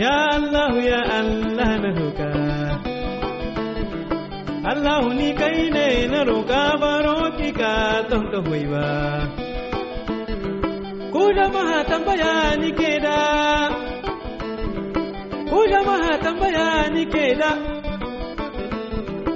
Ya Allah ya Allah na roƙa Allah ni kai ne na roƙa baro ka don ka hoyi ba tambaya ni ke da Ku jama'a tambaya ni ke da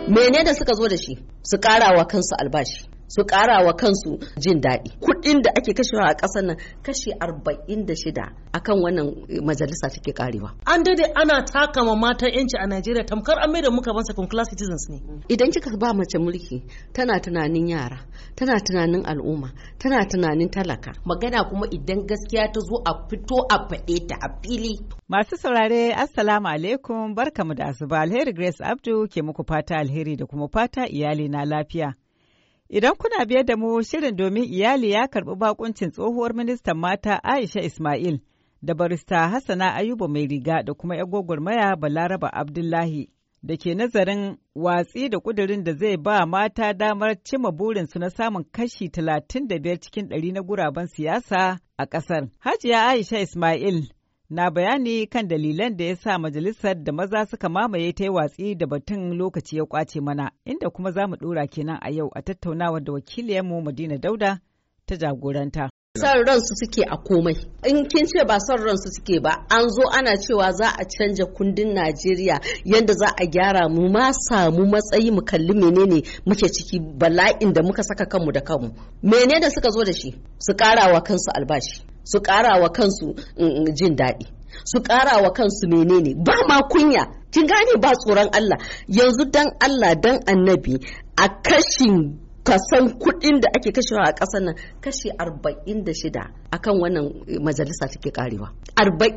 Mene da suka zo da shi su ƙara wa kansu albashi su kara wa kansu jin daɗi kuɗin da ake kashewa a ƙasar nan kashi arba'in da shida akan wannan majalisa take karewa an dade ana takama matan yanci a najeriya tamkar an maida muka ban second class citizens ne idan kika ba mace mulki tana tunanin yara tana tunanin al'umma tana tunanin talaka magana kuma idan gaskiya ta zo a fito a faɗe ta a fili masu saurare assalamu alaikum barkamu da asuba alheri grace abdu ke muku fata alheri da kuma fata iyali na lafiya Idan kuna biye da mu shirin domin iyali ya karɓi bakuncin tsohuwar ministan mata Aisha Ismail da barista Hassana Ayuba mai riga da kuma ‘yan maya Balaraba Abdullahi da ke nazarin watsi da kudirin da zai ba mata damar cima burinsu na samun kashi 35 cikin ɗari na guraben siyasa a ƙasar. Hajiya Aisha Ismail na bayani kan dalilan da ya sa majalisar da maza suka mamaye ta yi watsi da batun lokaci ya kwace mana inda kuma za mu ɗora kenan a yau a tattaunawar da wakiliyarmu Madina Dauda ta jagoranta. son ransu suke a komai in kin ce ba son ransu suke ba an zo ana cewa za a canja kundin najeriya yadda za a gyara mu ma samu matsayi mu kalli menene muke ciki bala'in da muka saka kanmu da kanmu menene suka zo da shi su karawa kansu albashi su ƙara wa kansu mm, mm, jin daɗi su ƙara wa kansu menene ba ma kunya kin gane ba tsoron Allah yanzu dan Allah dan annabi a kashin kasan kuɗin da ake kashewa a ƙasar nan kashi 46 akan wannan eh, majalisa take karewa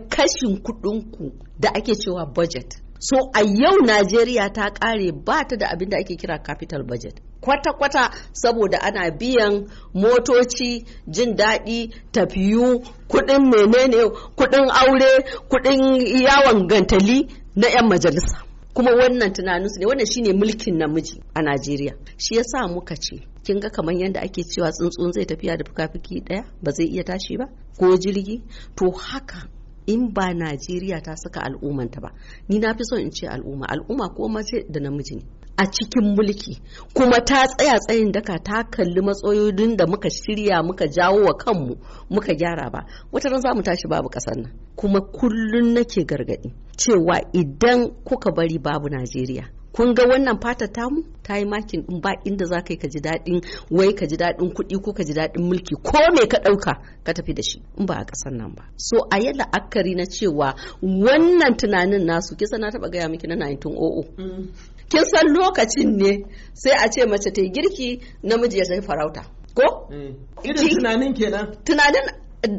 kashin kuɗinku da ake cewa budget so a yau najeriya ta kare ba ta da abin da ake kira capital budget kwata-kwata saboda ana biyan motoci jin daɗi tafiyu kuɗin menene kuɗin aure kuɗin yawon gantali na 'yan majalisa kuma wannan tunaninsu ne wannan shine mulkin namiji a najeriya shi ya sa muka ce kin ga kamar yadda ake cewa tsuntsun zai tafiya da fuka-fuki ɗaya ba zai iya tashi ba ko jirgi to haka in ba Najeriya ta saka al'ummanta ba ni na fi son in ce al'umma al'umma ko mace da namiji ne a cikin mulki kuma ta tsaya tsayin daka ta kalli matsayoyin da muka shirya muka jawo wa kanmu muka gyara ba wata ran zamu tashi babu kasar nan kuma kullun nake gargadi cewa idan kuka bari babu Najeriya kun ga wannan fata tamu ta yi makin din ba inda za ka yi ka ji daɗin wai ka ji daɗin kuɗi ko ka ji daɗin mulki ko me ka ɗauka ka tafi da shi in ba a ƙasar nan ba so a yi la'akari na cewa wannan tunanin nasu kisa na taɓa gaya miki na 1900 mm. kin san lokacin ne sai a ce mace ta yi girki namiji ya sai farauta ko mm. irin tunanin kenan tunanin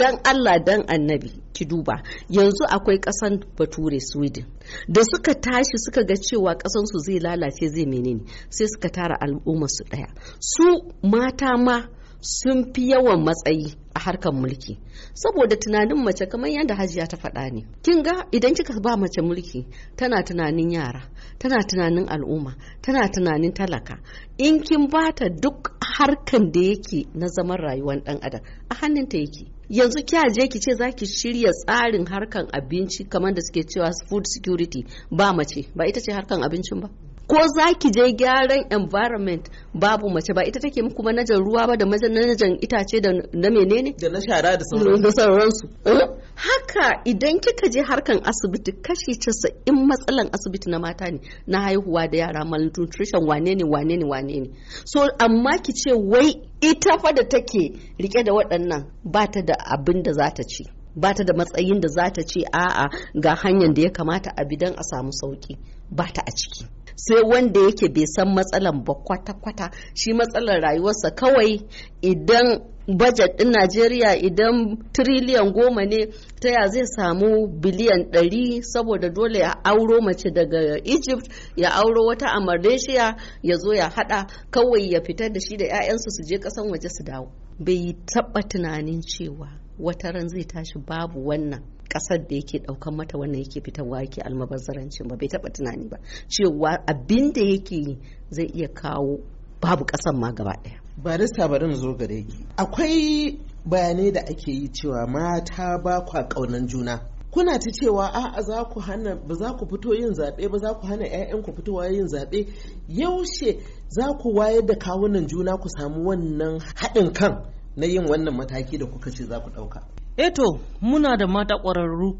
dan Allah dan annabi ki duba yanzu akwai kasan bature sweden da suka tashi suka ga cewa kasan zai lalace zai menene sai suka tara al'umma su daya su mata ma sun fi yawan matsayi a harkar mulki saboda tunanin mace kamar yadda hajiya ta faɗa ne kin ga idan kika ba mace mulki tana tunanin yara tana tunanin al'umma tana tunanin talaka in kin bata duk harkan da yake na zaman rayuwar dan adam a hannunta yake yanzu kya je ki ce zaki shirya tsarin harkan abinci kamar da suke cewa food security ba mace ba ita ce harkan abincin ba ko za ki je gyaran environment babu mace ba ita take muku manajan ruwa ba da manajan itace da na menene da na shara da sauransu da su. Eh? haka idan kika je harkan asibiti kashi casa'in matsalan asibiti na mata ne na haihuwa da yara malnutrition wane ne wane ne wane ne so amma ki ce wai ita fa da take rike da waɗannan ba ta da abin da za ta ci ba ta da matsayin da za ta ce a'a ga hanyar da ya kamata a bidan a samu sauki ba ta a ciki sai wanda yake bai san matsalan ba kwata-kwata shi matsalar rayuwarsa kawai idan budget din Najeriya idan triliyan goma ne ta ya zai samu biliyan ɗari saboda dole ya auro mace daga Egypt ya auro wata a Malaysia ya zo ya hada kawai ya fitar da shi da 'ya'yansu su je kasan waje su dawo bai taɓa tunanin cewa wataran zai tashi babu wannan kasar da yake daukan mata wannan yake fitarwa yake almabazzarancin ba bai taba tunani ba cewa abin da yake zai iya kawo babu kasan ma gaba daya barista barin zo gare ki akwai bayanai da ake yi cewa mata ba kwa kaunan juna kuna ta cewa a'a za ku hana ba za ku fito yin zaɓe ba za ku hana 'ya'yanku fitowa yin zaɓe yaushe za ku wayar da kawunan juna ku samu wannan haɗin kan na yin wannan mataki da kuka ce za ku ɗauka eto eh muna da mata ƙwararru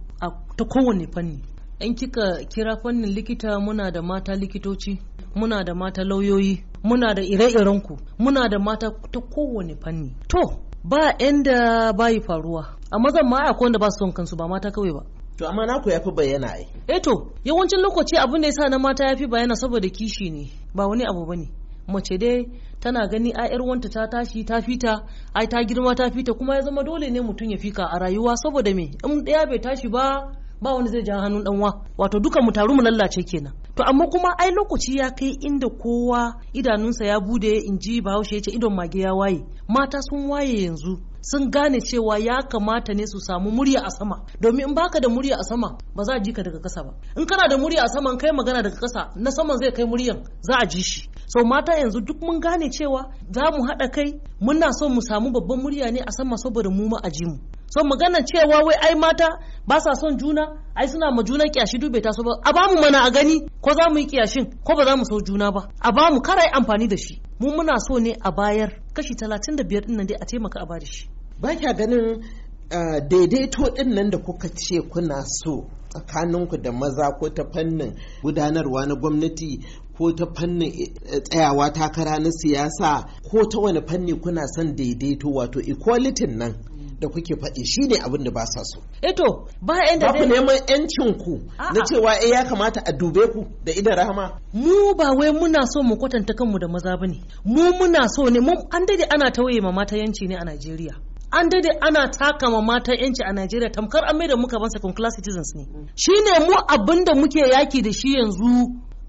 ta kowane fanni in kika kira fannin likita muna da mata likitoci muna da mata lauyoyi muna da ire-irenku muna da mata ta kowane fanni to ba inda bayi faruwa a mazan ma a wanda ba su son kansu ba mata kawai ba to amma naku ya fi bayyana ai yi. Eh eto, yawancin lokaci abin da yasa na mata ya fi bayyana saboda kishi ne ba wani abu bane mace dai tana gani a wanta ta tashi ta fita ai ta girma ta fita kuma ya zama dole ne mutum ya fika a rayuwa saboda me in ɗaya bai tashi ba ba wani zai ja hannun ɗanwa wato duka mu taru mu lallace kenan to amma kuma ai lokaci ya kai inda kowa idanunsa ya bude in ji bahaushe ya ce idon mage ya waye mata sun waye yanzu sun gane cewa ya kamata ne su samu murya a sama domin in baka da murya a sama ba za a ji ka daga kasa ba in kana da murya a sama kai magana daga kasa na saman zai kai muryan za a ji shi so mata yanzu duk mun gane cewa za mu haɗa kai muna so mu samu babban murya ne a sama saboda mu ma mu so magana cewa wai ai mata ba sa son juna ai suna ma juna kiyashi dube ta so ba a bamu mana a gani ko za mu yi kiyashin ko ba za mu so juna ba a bamu kar yi amfani da shi mu muna so ne a bayar kashi da biyar dinnan dai a taimaka a bada shi ba kya ganin daidaito din nan da kuka ce kuna so tsakaninku da maza ko ta fannin gudanarwa na gwamnati ko ta fannin e, e, tsayawa takara na siyasa ko ta wani fanni kuna son daidaito wato equality nan da kuke faɗi shi ne abin da ba sa so. Eto eh bayan da dai. neman yancin ku na cewa eh ya kamata a dube ku da idan rahama. Mu ba wai muna so mu kwatanta kanmu da maza bane. Mu muna so ne mu an dade ana tauye ma mata yanci ne a Najeriya. an dade ana taka ma mata yanci a Najeriya tamkar an maida muka ban second class citizens ne mm. shine mu abin da muke yaki da shi yanzu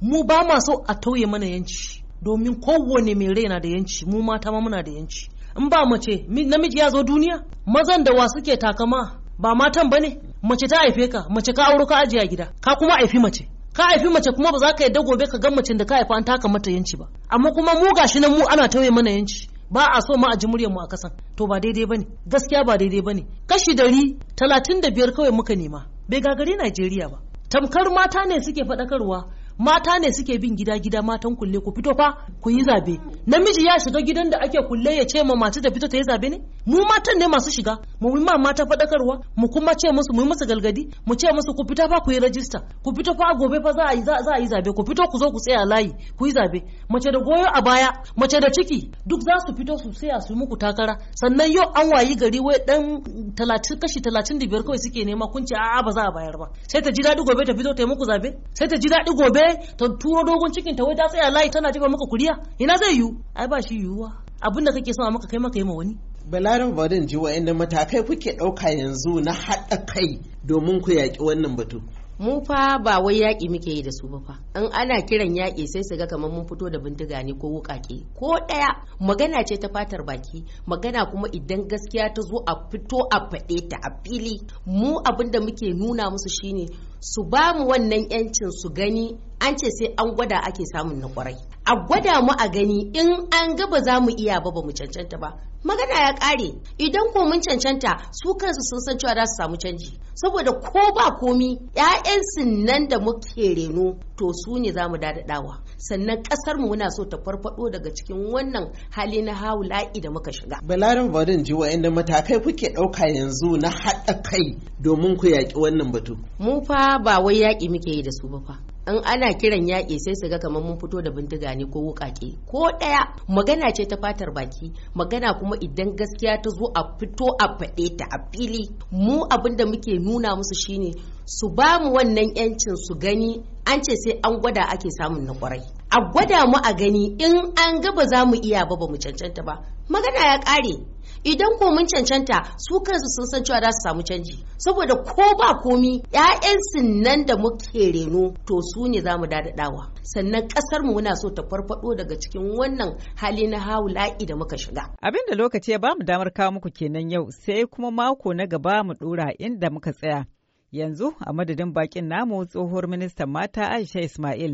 mu ba ma so a tauye mana yanci domin kowane mai rai na da yanci mu mata ma muna da yanci in ba mace namiji ya zo duniya mazan da wa suke takama ba matan ba ne mace ta haife ka mace ka auro ka ajiye gida ka kuma haifi mace ka haifi mace kuma ba za ka yadda gobe ka ga mace da ka haifa an taka mata yanci ba amma kuma mu gashi nan mu ana tauye mana yanci ba a so ma a ji muryar mu a kasan to ba daidai bane gaskiya ba daidai bane kashi dari talatin da biyar kawai muka nema bai gagari Najeriya ba tamkar mata ne suke faɗakarwa mata ne suke bin gida gida matan kulle ku fito fa ku yi zabe namiji ya shiga gidan da ake kulle ya ce ma mace ta fito ta yi zabe ne mu matan ne masu shiga mu yi ma mata fadakarwa mu kuma ce musu mu yi musu galgadi mu ce musu ku fita fa ku yi rajista ku fito fa gobe fa za a yi za a yi zabe ku fito ku zo ku tsaya layi ku yi zabe mace da goyo a baya mace da ciki duk za su fito su tsaya su muku takara sannan yau an wayi gari wai dan talatin kashi talatin da biyar kawai suke nema kun ce a'a ba za a bayar ba sai ta ji dadi gobe ta fito ta yi muku zabe sai ta ji dadi gobe eh ta turo dogon cikin ta wai ta tsaya layi tana jiba maka kuriya ina zai yiwu ai ba shi yiwuwa abin da kake sama maka kai maka yi ma wani balaran barin ji wa'anda matakai kuke ɗauka yanzu na haɗa kai domin ku yaƙi wannan batu mu fa ba wai yaƙi muke yi da su ba fa in ana kiran yaƙi sai su ga kamar mun fito da bindiga ne ko wuƙaƙe ko ɗaya magana ce ta fatar baki magana kuma idan gaskiya ta zo a fito a faɗe ta a fili mu abinda muke nuna musu shine su ba mu wannan yancin su gani an ce sai an gwada ake samun na kwarai a gwada mu a gani in an ga ba za mu iya ba ba mu cancanta ba magana ya kare idan ko mun cancanta su kansu sun san cewa za su samu canji saboda ko ba komi 'ya'yansu nan da muke reno to su ne za mu dadadawa sannan kasar mu muna so ta farfado daga cikin wannan hali na haula'i da muka shiga balarin barin ji inda matakai kuke dauka yanzu na haɗa kai domin ku yaƙi wannan batu mu fa ba wai yaƙi muke yi da su ba fa in ana kiran yaƙi sai su ga kamar mun fito da bindiga ne ko wuƙaƙe ko ɗaya magana ce ta fatar baki magana kuma idan gaskiya ta zo a fito a faɗe ta a fili mu abin da muke nuna musu shine su ba mu wannan yancin su gani an ce sai an gwada ake samun na kwarai a gwada mu a gani in an ga ba za mu iya ba ba mu cancanta ba magana ya ƙare idan ko mun cancanta su kansu sun san cewa za su samu canji saboda ko ba komi ƴaƴansu nan da muke reno to su ne za mu dadadawa sannan ƙasar mu muna so ta farfado daga cikin wannan hali na haula'i da muka shiga abin da lokaci ya ba mu damar kawo muku kenan yau sai kuma mako na gaba mu dora inda muka tsaya yanzu a madadin bakin namu tsohuwar ministan mata Aisha Ismail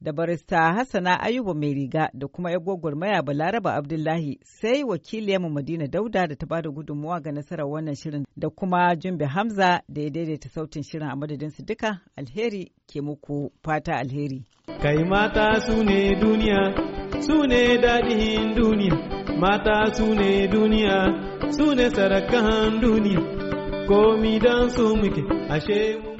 da barista Hassana Ayuba mai riga da kuma ya maya Balaraba Abdullahi sai wakiliyarmu Madina Dauda da ta bada gudunmuwa ga nasarar wannan shirin da kuma Jumbe Hamza da ya daidaita sautin shirin a madadin su duka alheri ke muku fata alheri. Kai mata su ne duniya, su ne daɗin duniya, mata su ne duniya, su ne sarakan duniya, komi don su muke, ashe mu.